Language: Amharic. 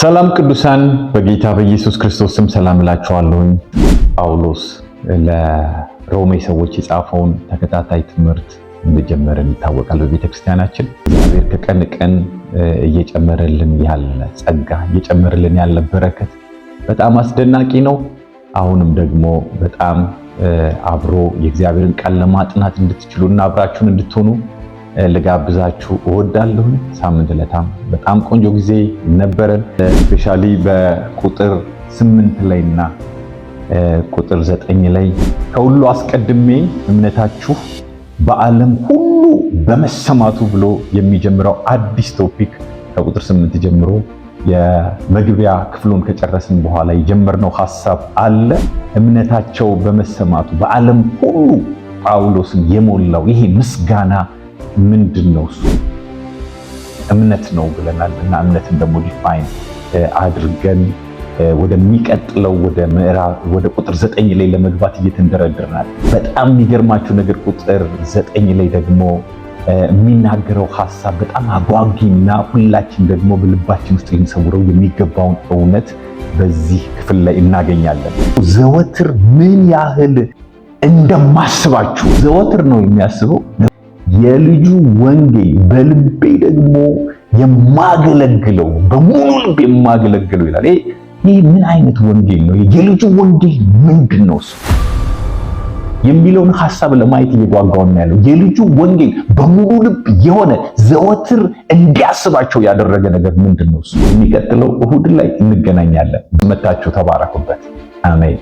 ሰላም ቅዱሳን፣ በጌታ በኢየሱስ ክርስቶስ ስም ሰላም እላችኋለሁኝ። ጳውሎስ ለሮሜ ሰዎች የጻፈውን ተከታታይ ትምህርት እንደጀመረን ይታወቃል። በቤተ ክርስቲያናችን እግዚአብሔር ከቀን ቀን እየጨመረልን ያለ ጸጋ እየጨመረልን ያለ በረከት በጣም አስደናቂ ነው። አሁንም ደግሞ በጣም አብሮ የእግዚአብሔርን ቃል ለማጥናት እንድትችሉና አብራችሁን እንድትሆኑ ልጋብዛችሁ እወዳለሁኝ። ሳምንት ለታም በጣም ቆንጆ ጊዜ ነበረን። ስፔሻሊ በቁጥር ስምንት ላይ እና ቁጥር ዘጠኝ ላይ ከሁሉ አስቀድሜ እምነታችሁ በዓለም ሁሉ በመሰማቱ ብሎ የሚጀምረው አዲስ ቶፒክ ከቁጥር ስምንት ጀምሮ የመግቢያ ክፍሉን ከጨረስን በኋላ የጀመርነው ሀሳብ አለ። እምነታቸው በመሰማቱ በዓለም ሁሉ ጳውሎስን የሞላው ይሄ ምስጋና ምንድን ነው እሱ? እምነት ነው ብለናል እና እምነትን ደግሞ ዲፋይን አድርገን ወደሚቀጥለው ወደ ምዕራፍ ወደ ቁጥር ዘጠኝ ላይ ለመግባት እየተንደረድርናል። በጣም የሚገርማችሁ ነገር ቁጥር ዘጠኝ ላይ ደግሞ የሚናገረው ሀሳብ በጣም አጓጊና ሁላችን ደግሞ በልባችን ውስጥ ልንሰውረው የሚገባውን እውነት በዚህ ክፍል ላይ እናገኛለን። ዘወትር ምን ያህል እንደማስባችሁ ዘወትር ነው የሚያስበው የልጁ ወንጌል በልቤ ደግሞ የማገለግለው በሙሉ ልብ የማገለግለው ይላል። ይህ ምን አይነት ወንጌል ነው? የልጁ ወንጌል ምንድን ነው እሱ የሚለውን ሀሳብ ለማየት እየጓጓው ያለው የልጁ ወንጌል በሙሉ ልብ የሆነ ዘወትር እንዲያስባቸው ያደረገ ነገር ምንድን ነው እሱ? የሚቀጥለው እሁድ ላይ እንገናኛለን። መታችሁ ተባረኩበት። አሜን።